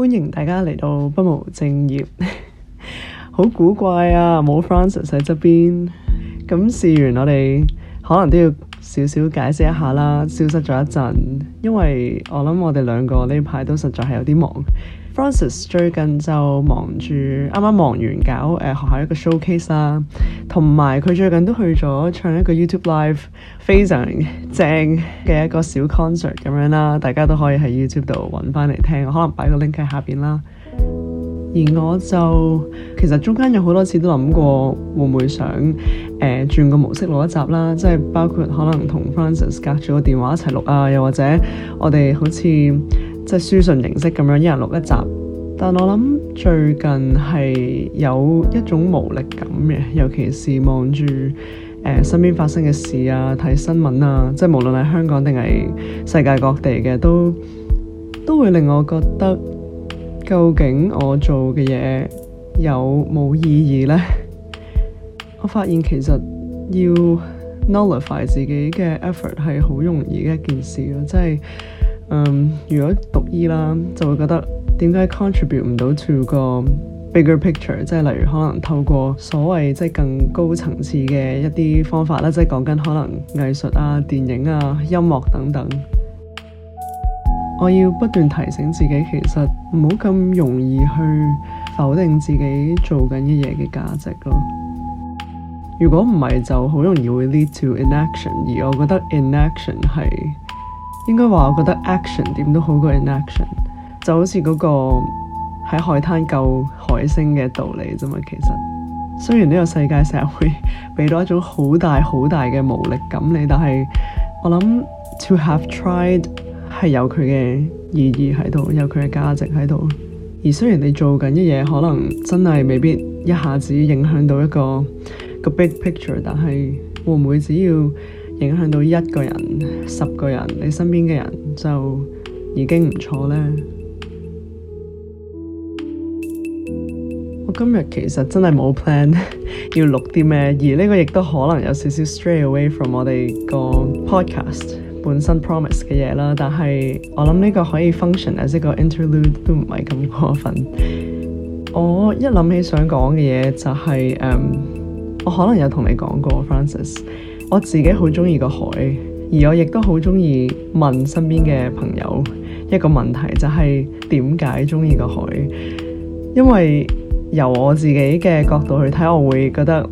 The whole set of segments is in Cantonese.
歡迎大家嚟到不務正業， 好古怪啊！冇 Francis 喺側邊，咁試完我哋可能都要少少解釋一下啦。消失咗一陣，因為我諗我哋兩個呢排都實在係有啲忙。Francis 最近，就忙住啱啱忙完搞誒、呃、學校一個 showcase 啦，同埋佢最近都去咗唱一個 YouTube live，非常正嘅一個小 concert 咁樣啦，大家都可以喺 YouTube 度揾翻嚟聽，可能擺個 link 喺下邊啦。而我就其實中間有好多次都諗過會唔會想誒、呃、轉個模式錄一集啦，即係包括可能同 Francis 隔住個電話一齊錄啊，又或者我哋好似～即係書信形式咁樣，一人錄一集。但我諗最近係有一種無力感嘅，尤其是望住誒身邊發生嘅事啊，睇新聞啊，即係無論係香港定係世界各地嘅，都都會令我覺得究竟我做嘅嘢有冇意義呢？ 我發現其實要 nullify 自己嘅 effort 係好容易嘅一件事咯，即係。嗯，um, 如果讀醫啦，就會覺得點解 contribute 唔到 to 個 bigger picture，即係例如可能透過所謂即係更高層次嘅一啲方法啦，即係講緊可能藝術啊、電影啊、音樂等等。我要不斷提醒自己，其實唔好咁容易去否定自己做緊啲嘢嘅價值咯。如果唔係，就好容易會 lead to inaction。而我覺得 inaction 係。應該話我覺得 action 點都好過 inaction，就好似嗰個喺海灘救海星嘅道理啫嘛。其實雖然呢個世界成日會俾到一種好大好大嘅無力感你，但係我諗 to have tried 係有佢嘅意義喺度，有佢嘅價值喺度。而雖然你做緊嘅嘢可能真係未必一下子影響到一個一個 big picture，但係會唔會只要？影響到一個人、十個人，你身邊嘅人就已經唔錯咧。我今日其實真係冇 plan 要錄啲咩，而呢個亦都可能有少少 stray away from 我哋個 podcast 本身 promise 嘅嘢啦。但係我諗呢個可以 function as 一個 interlude 都唔係咁過分。我一諗起想講嘅嘢就係，誒 um，我可能有同你講過 Francis。我自己好中意個海，而我亦都好中意問身邊嘅朋友一個問題，就係點解中意個海？因為由我自己嘅角度去睇，我會覺得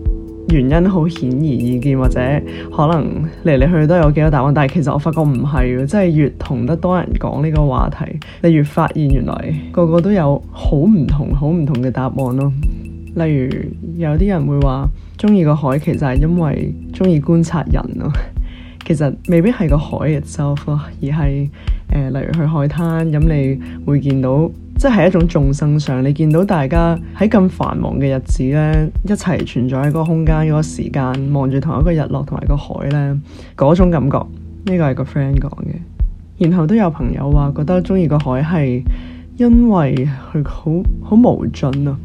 原因好顯而易見，或者可能嚟嚟去去都有幾多答案。但係其實我發覺唔係，即係越同得多人講呢個話題，你越發現原來個個都有好唔同、好唔同嘅答案咯。例如有啲人會話中意個海，其實係因為中意觀察人咯、啊。其實未必係個海 itself 而係誒、呃，例如去海灘，咁、嗯、你會見到，即係一種眾生相，你見到大家喺咁繁忙嘅日子咧，一齊存在喺個空間、個時間，望住同一個日落同埋個海咧，嗰種感覺。呢個係個 friend 講嘅。然後都有朋友話覺得中意個海係因為佢好好無盡啊，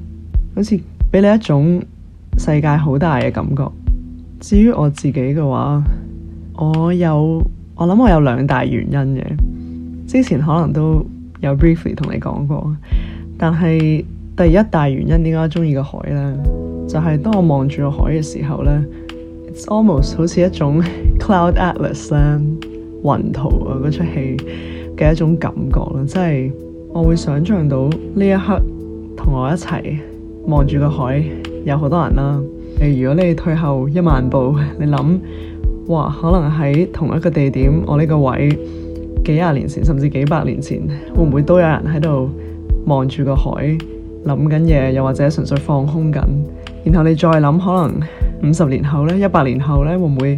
好似～俾你一種世界好大嘅感覺。至於我自己嘅話，我有我諗，我，我有兩大原因嘅。之前可能都有 briefly 同你講過，但係第一大原因點解中意個海呢？就係當我望住個海嘅時候呢 it's almost 好似一種 Cloud Atlas 咧，雲圖啊嗰出戲嘅一種感覺咯，即係我會想像到呢一刻同我一齊。望住個海，有好多人啦。誒，如果你退後一萬步，你諗，哇，可能喺同一個地點，我呢個位幾廿年前，甚至幾百年前，會唔會都有人喺度望住個海，諗緊嘢，又或者純粹放空緊？然後你再諗，可能五十年後咧，一百年後咧，會唔會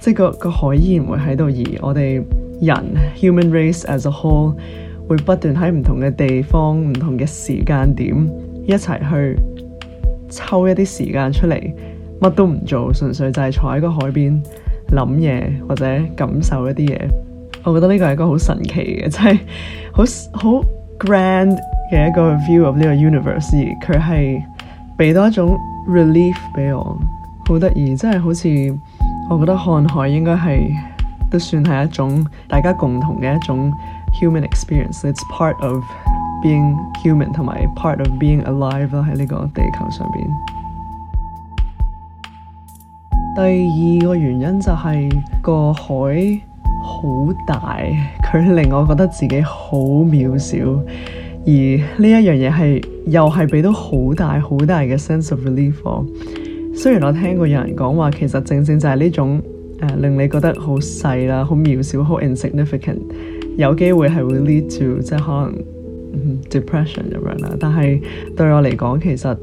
即係個個海依然會喺度，而我哋人 human race as a whole 會不斷喺唔同嘅地方、唔同嘅時間點？一齊去抽一啲時間出嚟，乜都唔做，純粹就係坐喺個海邊諗嘢或者感受一啲嘢。我覺得呢個係一個好神奇嘅，即係好好 grand 嘅一個 view of 呢個 universe。而佢係俾多一種 relief 俾我，好得意，真係好似我覺得看海應該係都算係一種大家共同嘅一種 human experience。It's part of being human 同埋 part of being alive 啦，喺呢個地球上邊。第二個原因就係個海好大，佢令我覺得自己好渺小，而呢一樣嘢係又係俾到好大好大嘅 sense of relief。雖然我聽過有人講話，其實正正就係呢種誒、呃、令你覺得好細啦、好渺小、好 insignificant，有機會係會 lead to 即係可能。depression 咁樣啦，但係對我嚟講，其實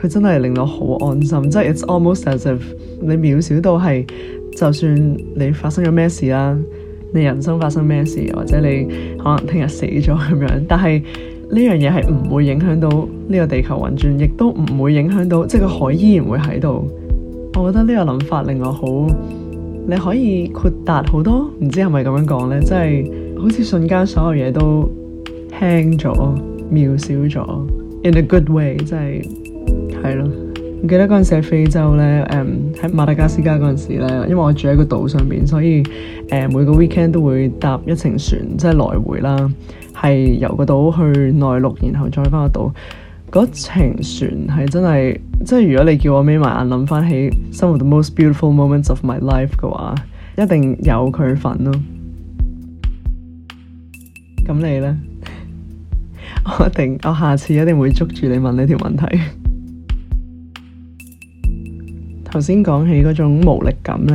佢真係令我好安心，即係 it's almost as if 你渺小到係，就算你發生咗咩事啦，你人生發生咩事，或者你可能聽日死咗咁樣，但係呢樣嘢係唔會影響到呢個地球運轉，亦都唔會影響到，即係個海依然會喺度。我覺得呢個諗法令我好，你可以豁達好多，唔知係咪咁樣講呢？即係好似瞬間所有嘢都。輕咗，渺小咗，in a good way，真係係咯。我記得嗰陣時喺非洲咧，誒喺馬達加斯加嗰陣時咧，因為我住喺個島上邊，所以誒、um, 每個 weekend 都會搭一程船，即係來回啦，係由個島去內陸，然後再翻個島。嗰程船係真係，即係如果你叫我眯埋眼諗翻起生活 The most beautiful moments of my life 嘅話，一定有佢份咯。咁你咧？我一定我下次一定會捉住你問呢條問題。頭先講起嗰種無力感咧，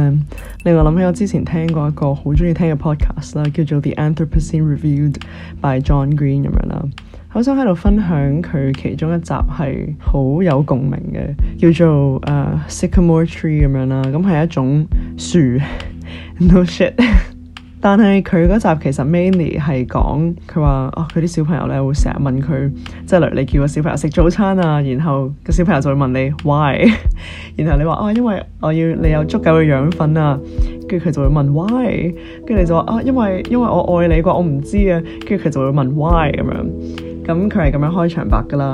令我諗起我之前聽過一個好中意聽嘅 podcast 啦，叫做 The Anthropocene Reviewed by John Green 咁樣啦。好想喺度分享佢其中一集係好有共鳴嘅，叫做誒、uh, Sycamore Tree 咁樣啦。咁係一種樹。 No shit。 但係佢嗰集其實 Manny 係講佢話，哦，佢啲小朋友咧，會成日問佢，即係例如你叫個小朋友食早餐啊，然後個小朋友就會問你 why， 然後你話哦，因為我要你有足夠嘅養分啊，跟住佢就會問 why，跟住你就話啊、哦、因為因為我愛你啩，我唔知啊，跟住佢就會問 why 咁樣，咁佢係咁樣開場白噶啦。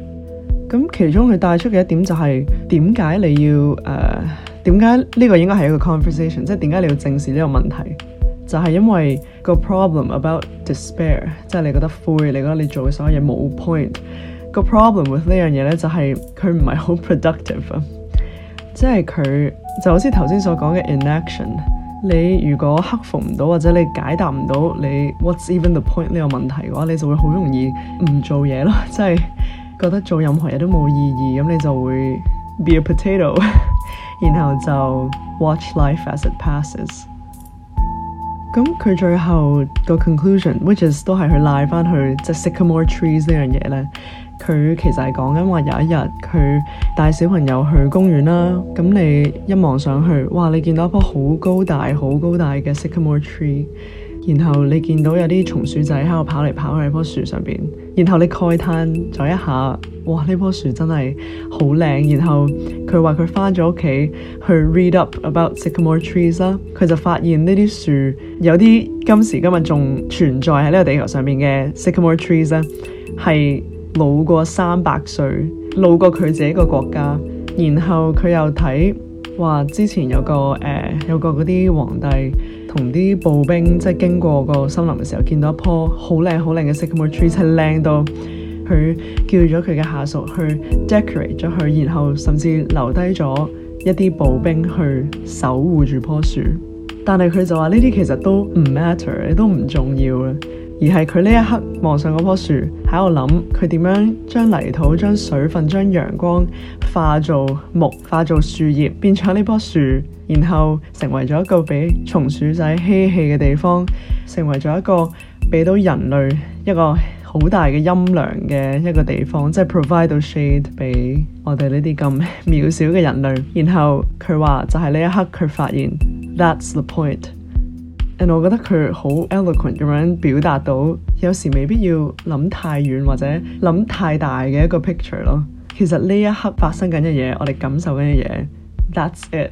咁其中佢帶出嘅一點就係點解你要誒，點解呢個應該係一個 conversation，即係點解你要正視呢個問題？就係、是、因為個 problem about despair，即係你覺得灰，你覺得你做嘅所有嘢冇 point。個 problem with 呢樣嘢呢，就係、是、佢唔係好 productive，即係、就、佢、是、就好似頭先所講嘅 inaction。你如果克服唔到或者你解答唔到你 what's even the point 呢個問題嘅話，你就會好容易唔做嘢咯，即係。覺得做任何嘢都冇意義，咁你就會 be a potato， 然後就 watch life as it passes。咁佢最後個 conclusion，which is 都係去拉翻去即係 sycamore trees 呢樣嘢咧。佢其實係講緊話有一日佢帶小朋友去公園啦，咁你一望上去，哇！你見到一棵好高大、好高大嘅 sycamore tree，然後你見到有啲松鼠仔喺度跑嚟跑去喺棵樹上邊。然後你慨嘆咗一下，哇！呢棵樹真係好靚。然後佢話佢返咗屋企去 read up about sycamore trees 啦，佢就發現呢啲樹有啲今時今日仲存在喺呢個地球上邊嘅 sycamore trees 咧，係老過三百歲，老過佢自己個國家。然後佢又睇話之前有個誒、呃，有個嗰啲皇帝。同啲步兵即係經過個森林嘅時候，見到一棵好靚好靚嘅 sycamore tree，真係靚到佢叫咗佢嘅下屬去 decorate 咗佢，然後甚至留低咗一啲步兵去守護住棵樹。但係佢就話呢啲其實都唔 matter，都唔重要啊。而係佢呢一刻望上嗰棵樹喺度諗，佢點樣將泥土、將水分、將陽光化做木、化做樹葉，變咗呢棵樹。然後成為咗一個俾松鼠仔嬉戲嘅地方，成為咗一個俾到人類一個好大嘅陰涼嘅一個地方，即係 provide 到 shade 俾我哋呢啲咁渺小嘅人類。然後佢話就係呢一刻佢發現，that's the point。and 我覺得佢好 eloquent 咁樣表達到，有時未必要諗太遠或者諗太大嘅一個 picture 咯。其實呢一刻發生緊嘅嘢，我哋感受緊嘅嘢，that's it。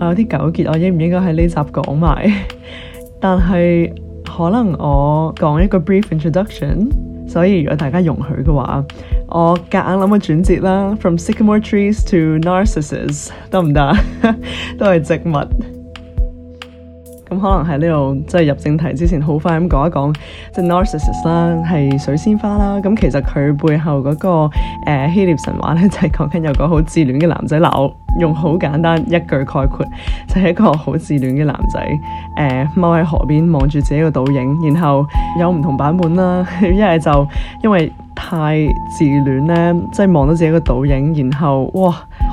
我有啲糾結，我應唔應該喺呢集講埋？但係可能我講一個 brief introduction，所以如果大家容許嘅話，我夾硬諗個轉折啦，From sycamore trees to narcissus，得唔得？都係植物。咁可能喺呢度即係入正題之前說說，好快咁講一講，即 Narcissus 啦，係水仙花啦。咁其實佢背後嗰、那個誒、呃、希臘神話咧，就係講緊有個好自戀嘅男仔。嗱，我用好簡單一句概括，就係、是、一個好自戀嘅男仔，誒、呃，踎喺河邊望住自己個倒影，然後有唔同版本啦。一係就因為太自戀咧，即、就、望、是、到自己個倒影，然後哇～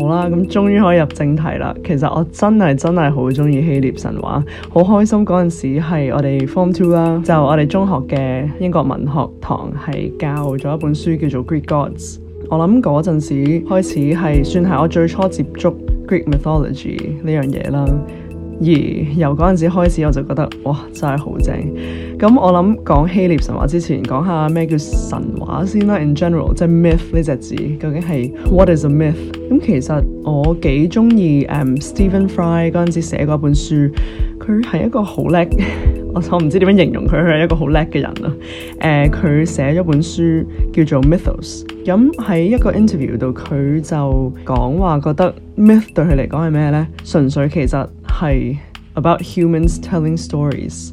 好啦，咁終於可以入正題啦。其實我真係真係好中意希臘神話，好開心，嗰陣時係我哋 Form Two 啦，就我哋中學嘅英國文學堂係教咗一本書叫做《Greek Gods》。我諗嗰陣時開始係算係我最初接觸 Greek mythology 呢樣嘢啦。而由嗰陣時開始，我就覺得哇，真係好正。咁我諗講希臘神話之前，講下咩叫神話先啦。In general，即係 myth 呢隻字，究竟係 what is a myth？咁、嗯、其實我幾中意、um, Stephen Fry 陣時寫過一本書，佢係一個好叻， 我唔知點樣形容佢佢係一個好叻嘅人啦。誒、嗯，佢寫咗本書叫做 Mythos、嗯。咁喺一個 interview 度，佢就講話覺得 myth 對佢嚟講係咩呢？純粹其實係 about humans telling stories。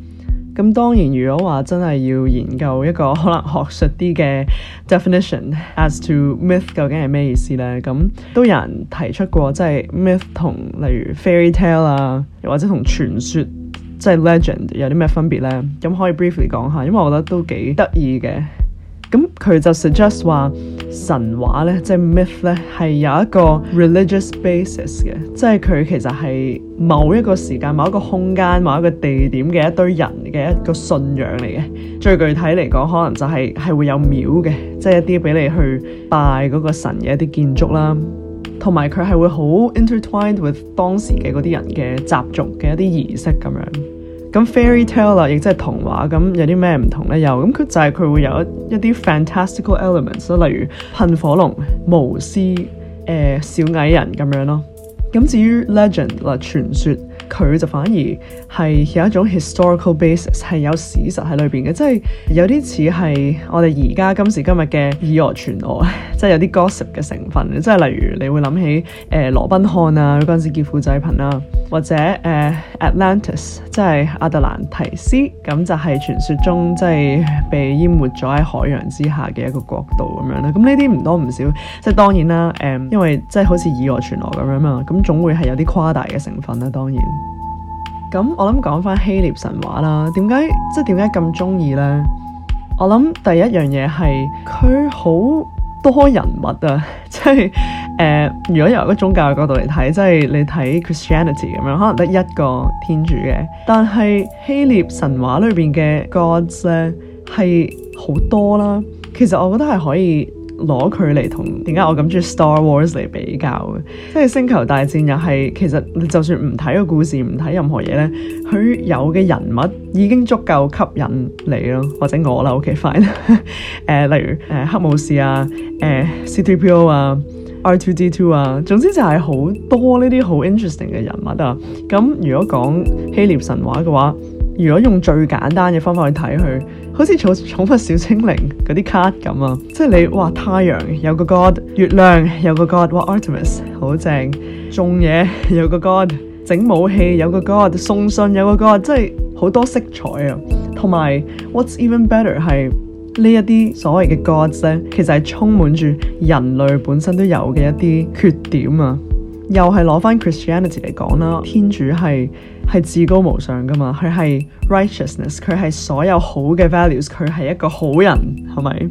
咁當然，如果話真係要研究一個可能學術啲嘅 definition，as to myth 究竟係咩意思呢？咁都有人提出過，即係 myth 同例如 fairy tale 啊，又或者同傳說，即係 legend 有啲咩分別呢？咁可以 briefly 講下，因為我覺得都幾得意嘅。咁佢就 suggest 話神話咧，即係 myth 咧，係有一個 religious basis 嘅，即係佢其實係某一個時間、某一個空間、某一個地點嘅一堆人嘅一個信仰嚟嘅。最具體嚟講，可能就係係會有廟嘅，即係一啲俾你去拜嗰個神嘅一啲建築啦，同埋佢係會好 intertwined with 當時嘅嗰啲人嘅習俗嘅一啲儀式咁樣。咁 fairy tale 啦，亦即係童話，咁有啲咩唔同咧？有，咁佢就係佢會有一一啲 fantastical elements，例如噴火龍、巫師、誒、呃、小矮人咁樣咯。咁至於 legend 啦、啊，傳說。佢就反而係有一種 historical basis 係有史實喺裏邊嘅，即係有啲似係我哋而家今時今日嘅以訛傳訛，即係有啲 gossip 嘅成分。即係例如你會諗起誒、呃、羅賓漢啊，嗰陣時劫富濟貧啊，或者誒、呃、Atlantis，即係阿特蘭提斯，咁就係傳説中即係、就是、被淹沒咗喺海洋之下嘅一個國度咁樣咧。咁呢啲唔多唔少，即係當然啦，誒、嗯，因為即係好似以訛傳訛咁樣啊，咁總會係有啲誇大嘅成分啦、啊，當然。咁我諗講翻希臘神話啦，點解即係點解咁中意咧？我諗第一樣嘢係佢好多人物啊，即係誒，如果由一個宗教嘅角度嚟睇，即係你睇 Christianity 咁樣，可能得一個天主嘅，但係希臘神話裏邊嘅 Gods 咧係好多啦。其實我覺得係可以。攞佢嚟同點解我咁鍾意 Star Wars 嚟比較嘅，即係星球大戰又係其實就算唔睇個故事唔睇任何嘢咧，佢有嘅人物已經足夠吸引你咯，或者我啦 OK fine，誒、 呃、例如誒、呃、黑武士啊、誒、呃、C T P O 啊、R Two D Two 啊，總之就係好多呢啲好 interesting 嘅人物啊。咁如果講希臘神話嘅話，如果用最簡單嘅方法去睇佢。好似寵寵物小精靈嗰啲卡咁啊，即係你哇，太陽有個 god，月亮有個 god，哇 Artemis 好正，種嘢有個 god，整武器有個 god，送信有個 god，即係好多色彩啊，同埋 what's even better 係呢一啲所謂嘅 god 咧，其實係充滿住人類本身都有嘅一啲缺點啊。又係攞翻 Christianity 嚟講啦，天主係係至高無上噶嘛，佢係 righteousness，佢係所有好嘅 values，佢係一個好人，係咪？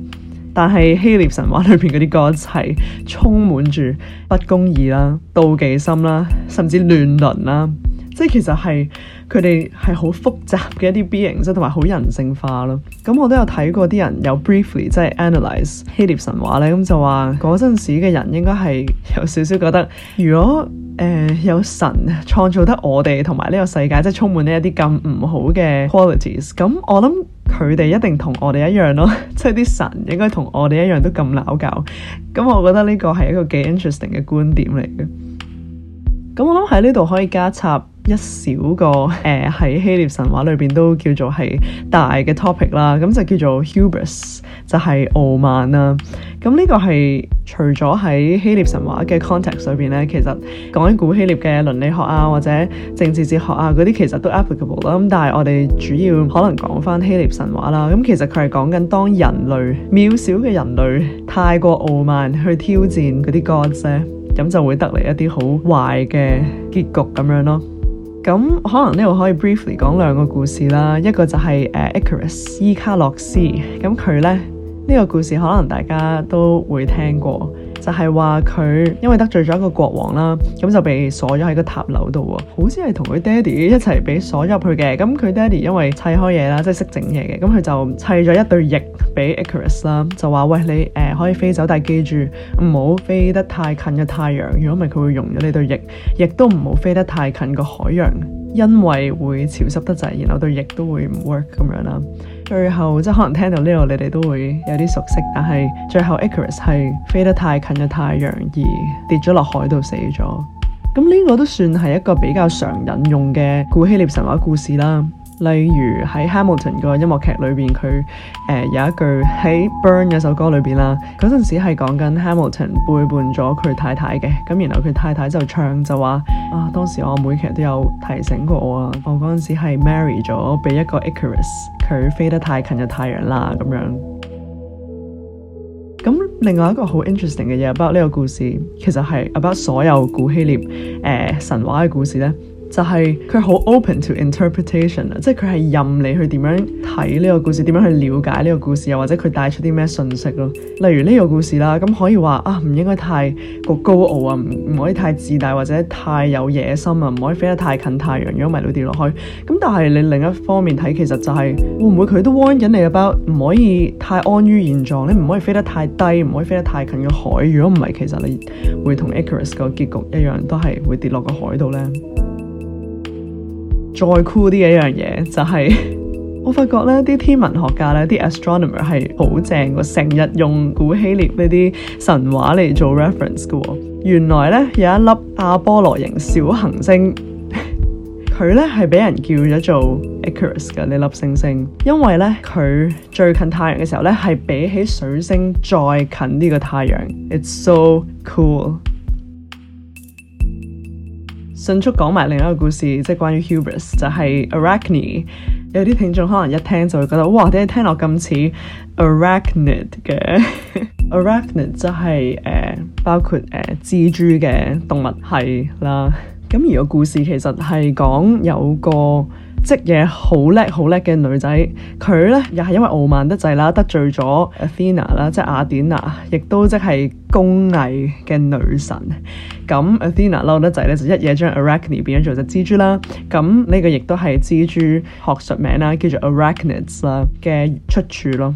但係希臘神話裏邊嗰啲歌一齊充滿住不公義啦、妒忌心啦，甚至亂倫啦。即係其實係佢哋係好複雜嘅一啲 beings，即係同埋好人性化咯。咁我都有睇過啲人有 briefly 即係 analyze 希臘神話咧，咁就話嗰陣時嘅人應該係有少少覺得，如果誒、呃、有神創造得我哋同埋呢個世界，即、就、係、是、充滿呢一啲咁唔好嘅 qualities，咁我諗佢哋一定同我哋一樣咯，即係啲神應該同我哋一樣都咁嘈交。咁我覺得呢個係一個幾 interesting 嘅觀點嚟嘅。咁我諗喺呢度可以加插一小個誒喺、呃、希臘神話裏面都叫做係大嘅 topic 啦，咁就叫做 hubris，就係傲慢啦。咁呢個係除咗喺希臘神話嘅 context 裏面呢，其實講啲古希臘嘅倫理學啊，或者政治哲學啊嗰啲，些其實都 applicable 啦。咁但係我哋主要可能講返希臘神話啦。咁其實佢係講緊當人類渺小嘅人類太過傲慢去挑戰嗰啲 gods 啫。咁就會得嚟一啲好壞嘅結局咁樣咯。咁可能呢度可以 briefly 講兩個故事啦。一個就係誒 Icarus，伊卡洛斯，咁佢咧呢、呢個故事可能大家都會聽過。就係話佢因為得罪咗一個國王啦，咁就被鎖咗喺個塔樓度喎。好似係同佢爹哋一齊俾鎖入去嘅。咁佢爹哋因為砌開嘢啦，即係識整嘢嘅，咁佢就砌咗一對翼俾 Icarus 啦，就話：喂，你誒、呃、可以飛走，但係記住唔好飛得太近嘅太陽，如果唔係佢會溶咗呢對翼；亦都唔好飛得太近個海洋，因為會潮濕得滯，然後對翼都會唔 work 咁樣啦。最後即可能聽到呢度你哋都會有啲熟悉，但係最後 Icarus 係飛得太近嘅太陽而跌咗落海度死咗，咁呢個都算係一個比較常引用嘅古希臘神話故事啦。例如喺 Hamilton 個音樂劇裏面，佢、呃、有一句喺 Burn 嗰首歌裏面啦，嗰陣時係講緊 Hamilton 背叛咗佢太太嘅，咁然後佢太太就唱就話啊，當時我阿妹其實都有提醒過我啊，我嗰陣時係 marry 咗俾一個 Icarus，佢飛得太近嘅太陽啦咁樣。咁另外一個好 interesting 嘅嘢 about 呢個故事，其實係 about 所有古希臘、呃、神話嘅故事咧。就係佢好 open to interpretation 啊，即係佢係任你去點樣睇呢個故事，點樣去了解呢個故事，又或者佢帶出啲咩信息咯。例如呢個故事啦，咁可以話啊，唔應該太高傲啊，唔唔可以太自大或者太有野心啊，唔可以飛得太近太陽，如果唔係跌落去。咁但係你另一方面睇，其實就係會唔會佢都 warn 緊你嘅包，唔可以太安於現狀，你唔可以飛得太低，唔可以飛得太近嘅海，如果唔係，其實你會同 Icarus 個結局一樣，都係會跌落個海度呢。再酷啲嘅一樣嘢就係、是，我發覺呢啲天文學家呢啲 astronomer 係好正喎，成日用古希臘呢啲神話嚟做 reference 嘅喎。原來呢有一粒阿波羅型小行星，佢 呢係俾人叫咗做 Icarus 嘅呢粒星星，因為呢，佢最近太陽嘅時候呢，係比起水星再近呢個太陽，it's so cool。迅速講埋另一個故事，即係關於 Hubris，就係 Arachne。有啲聽眾可能一聽就會覺得，哇！點解聽落咁似 Arachnid 嘅 ？Arachnid 就係、是、誒、呃、包括誒、呃、蜘蛛嘅動物係啦。咁 而個故事其實係講有個，即嘢好叻好叻嘅女仔，佢咧又係因為傲慢得滯啦，得罪咗 Athena 啦，即係雅典娜，亦都即係工藝嘅女神。咁 Athena 嬲得滯咧，就一嘢將 Arachne 變咗做隻蜘蛛啦。咁呢個亦都係蜘蛛學術名啦，叫做 Arachnids 啦嘅出處咯。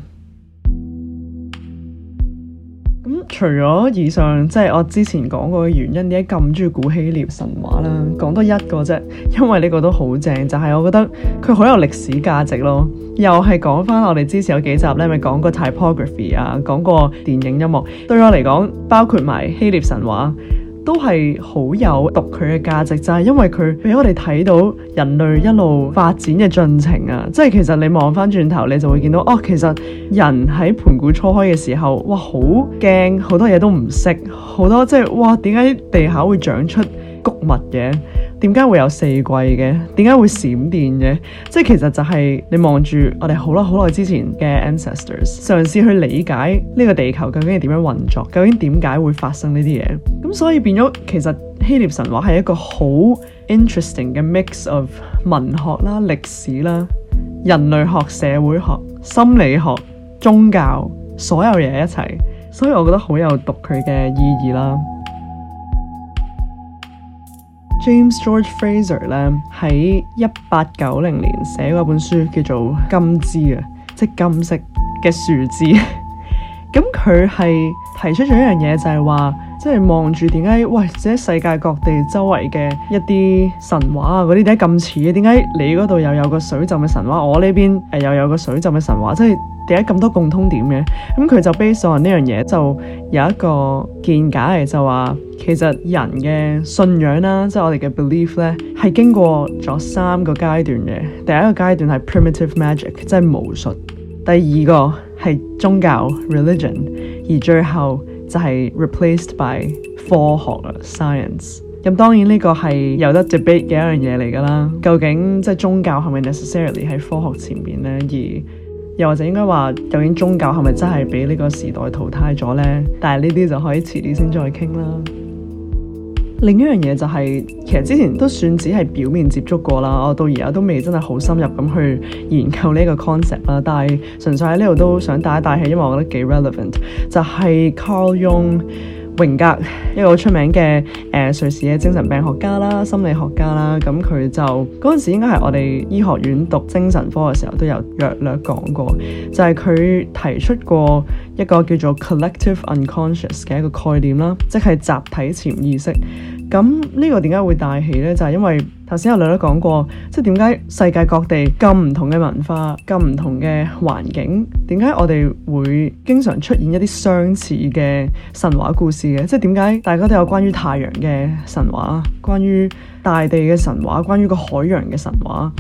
除咗以上，即係我之前講過嘅原因，你咁中意古希臘神話啦，講多一個啫，因為呢個都好正，就係我覺得佢好有歷史價值咯，又係講翻我哋之前有幾集咧，咪講過 typography 啊，講過電影音樂，對我嚟講，包括埋希臘神話。都係好有讀佢嘅價值，就係因為佢俾我哋睇到人類一路發展嘅進程啊！即係其實你望翻轉頭，你就會見到哦，其實人喺盤古初開嘅時候，哇，好驚，好多嘢都唔識，好多即係哇，點解地下會長出谷物嘅？點解會有四季嘅？點解會閃電嘅？即係其實就係你望住我哋好耐好耐之前嘅 ancestors，嘗試去理解呢個地球究竟係點樣運作，究竟點解會發生呢啲嘢？咁所以變咗，其實希臘神話係一個好 interesting 嘅 mix of 文學啦、歷史啦、人類學、社會學、心理學、宗教，所有嘢一齊，所以我覺得好有讀佢嘅意義啦。James George Frazer 咧，喺一八九零年寫過一本書叫做《金枝》啊，即係金色嘅樹枝。咁佢係提出咗一樣嘢，就係、是、話，即係望住點解？喂，即係世界各地周圍嘅一啲神話啊，嗰啲點解咁似嘅？點解你嗰度又有個水浸嘅神話，我呢邊又有個水浸嘅神話？即係點解咁多共通點嘅？咁佢就 base on 呢樣嘢，就有一個見解就話。其實人嘅信仰啦，即係我哋嘅 belief 咧，係經過咗三個階段嘅。第一個階段係 primitive magic，即係巫術；第二個係宗教 religion，而最後就係 replaced by 科學啊 science。咁當然呢個係有得 debate 嘅一樣嘢嚟㗎啦。究竟即係宗教係咪 necessarily 喺科學前面咧？而又或者應該話究竟宗教係咪真係俾呢個時代淘汰咗咧？但係呢啲就可以遲啲先再傾啦。另一樣嘢就係、是，其實之前都算只係表面接觸過啦，我到而家都未真係好深入咁去研究呢一個 concept 啦，但係純粹喺呢度都想帶一帶起，因為我覺得幾 relevant，就係 Carl Jung。榮格一個好出名嘅誒、呃、瑞士嘅精神病學家啦、心理學家啦，咁佢就嗰陣時應該係我哋醫學院讀精神科嘅時候都有略略講過，就係、是、佢提出過一個叫做 collective unconscious 嘅一個概念啦，即係集體潛意識。咁呢個點解會大起呢？就係因為頭先阿女女講過，即係點解世界各地咁唔同嘅文化、咁唔同嘅環境，點解我哋會經常出現一啲相似嘅神話故事嘅？即係點解大家都有關於太陽嘅神話、關於大地嘅神話、關於個海洋嘅神話？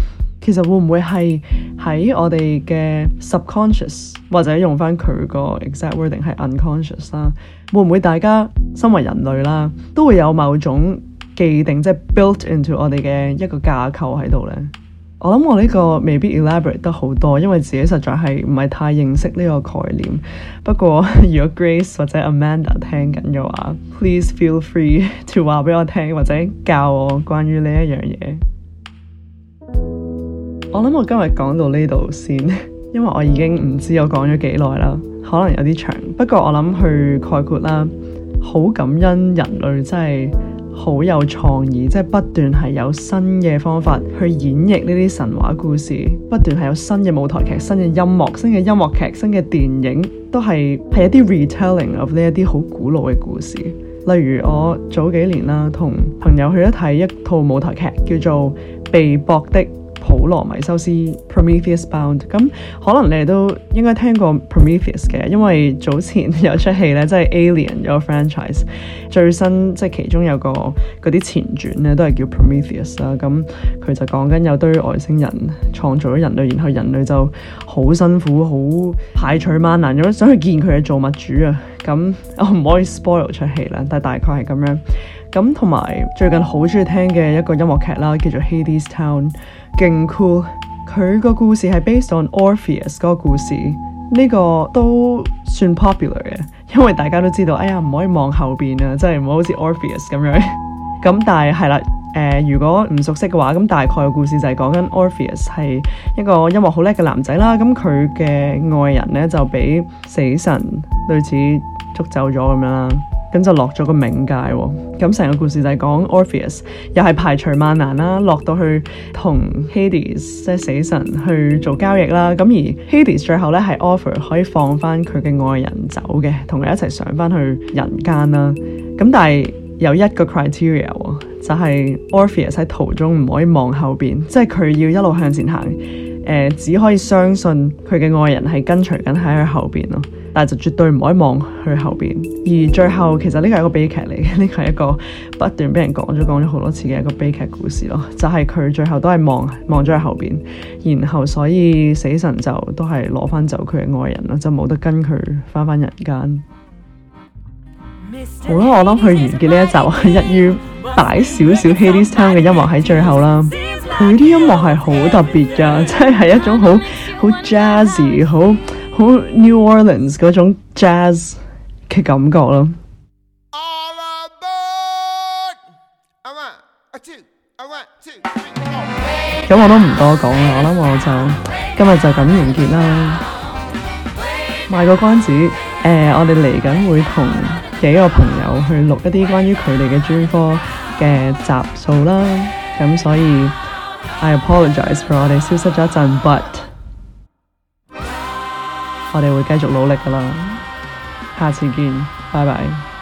其實會唔會係喺我哋嘅 subconscious，或者用翻佢個 exact wording 係 unconscious 啦？會唔會大家身為人類啦，都會有某種既定即係、就是、built into 我哋嘅一個架構喺度呢？我諗我呢個未必 elaborate 得好多，因為自己實在係唔係太認識呢個概念。不過如果 Grace 或者 Amanda 聽緊嘅話，please feel free to 話俾我聽，或者教我關於呢一樣嘢。我諗我今日講到呢度先，因為我已經唔知我講咗幾耐啦。可能有啲長，不過我諗去概括啦。好感恩人類真係好有創意，即、就、係、是、不斷係有新嘅方法去演繹呢啲神話故事，不斷係有新嘅舞台劇、新嘅音樂、新嘅音樂劇、新嘅電影，都係係一啲 retelling of 呢一啲好古老嘅故事。例如我早幾年啦，同朋友去咗睇一套舞台劇，叫做《被縛的》。《普羅米修斯》（Prometheus Bound）。咁，可能你哋都應該聽過 Prometheus 嘅，因為早前有出戲咧，即係 Alien 有 franchise，最新即係其中有個嗰啲前傳咧，都係叫 Prometheus 啦。咁佢就講緊有堆外星人創造咗人類，然後人類就好辛苦，好排除萬難，咁想去見佢嘅造物主啊。咁我唔可以 spoil 出戲啦，但係大概係咁樣。咁同埋最近好中意聽嘅一個音樂劇啦，叫做《Hadestown》，勁 cool！佢個故事係 based on Orpheus 嗰個故事，呢個都算 popular 嘅，因為大家都知道，哎呀唔可以望後邊啊，真係唔好好似 Orpheus 咁樣。咁 但係係啦，誒、呃、如果唔熟悉嘅話，咁大概嘅故事就係講緊 Orpheus 係一個音樂好叻嘅男仔啦，咁佢嘅愛人呢就俾死神類似捉走咗咁樣啦。咁就落咗個冥界喎、哦，咁成個故事就係講 Orpheus 又係排除萬難啦，落到去同 Hades 即係死神去做交易啦，咁而 Hades 最後咧係 offer 可以放翻佢嘅愛人走嘅，同佢一齊上翻去人間啦。咁但係有一個 criteria 喎、哦，就係、是、Orpheus 喺途中唔可以望後邊，即係佢要一路向前行，誒、呃、只可以相信佢嘅愛人係跟隨緊喺佢後邊咯。但係就絕對唔可以望去後邊，而最後其實呢個係一個悲劇嚟嘅，呢個係一個不斷俾人講咗講咗好多次嘅一個悲劇故事咯。就係、是、佢最後都係望望咗喺後邊，然後所以死神就都係攞翻走佢嘅愛人啦，就冇得跟佢翻返人間。Dream, 好啦，我諗佢完結呢一集啊，一於擺少少 Hadestown 嘅音樂喺最後啦。佢啲、like、音樂係好特別噶，baby 真係係一種好好 Jazzy 好。好 New Orleans 嗰種 jazz 嘅感覺咯。咁我都唔多講啦，我諗我就今日就咁完結啦。賣個關子，誒，我哋嚟緊會同幾個朋友去錄一啲關於佢哋嘅專科嘅集數啦。咁所以，I apologize for 我哋消失咗一陣，but 我哋會繼續努力㗎喇，下次見，拜拜。